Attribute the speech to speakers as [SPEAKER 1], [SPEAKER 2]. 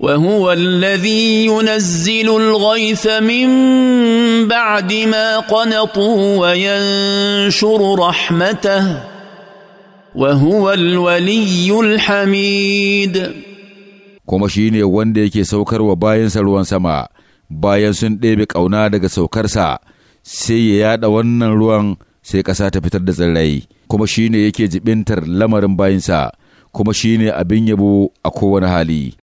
[SPEAKER 1] وهو الذي ينزل الغيث من بعد ما قنطوا وينشر رحمته وهو الولي الحميد
[SPEAKER 2] kuma shi ne wanda yake saukar wa bayansa ruwan sama bayan sun ɗebe ƙauna daga saukarsa sai ya yaɗa wannan ruwan sai ƙasa ta fitar da tsirrai kuma shi ne yake jibintar lamarin bayansa kuma shi ne abin yabo a kowane hali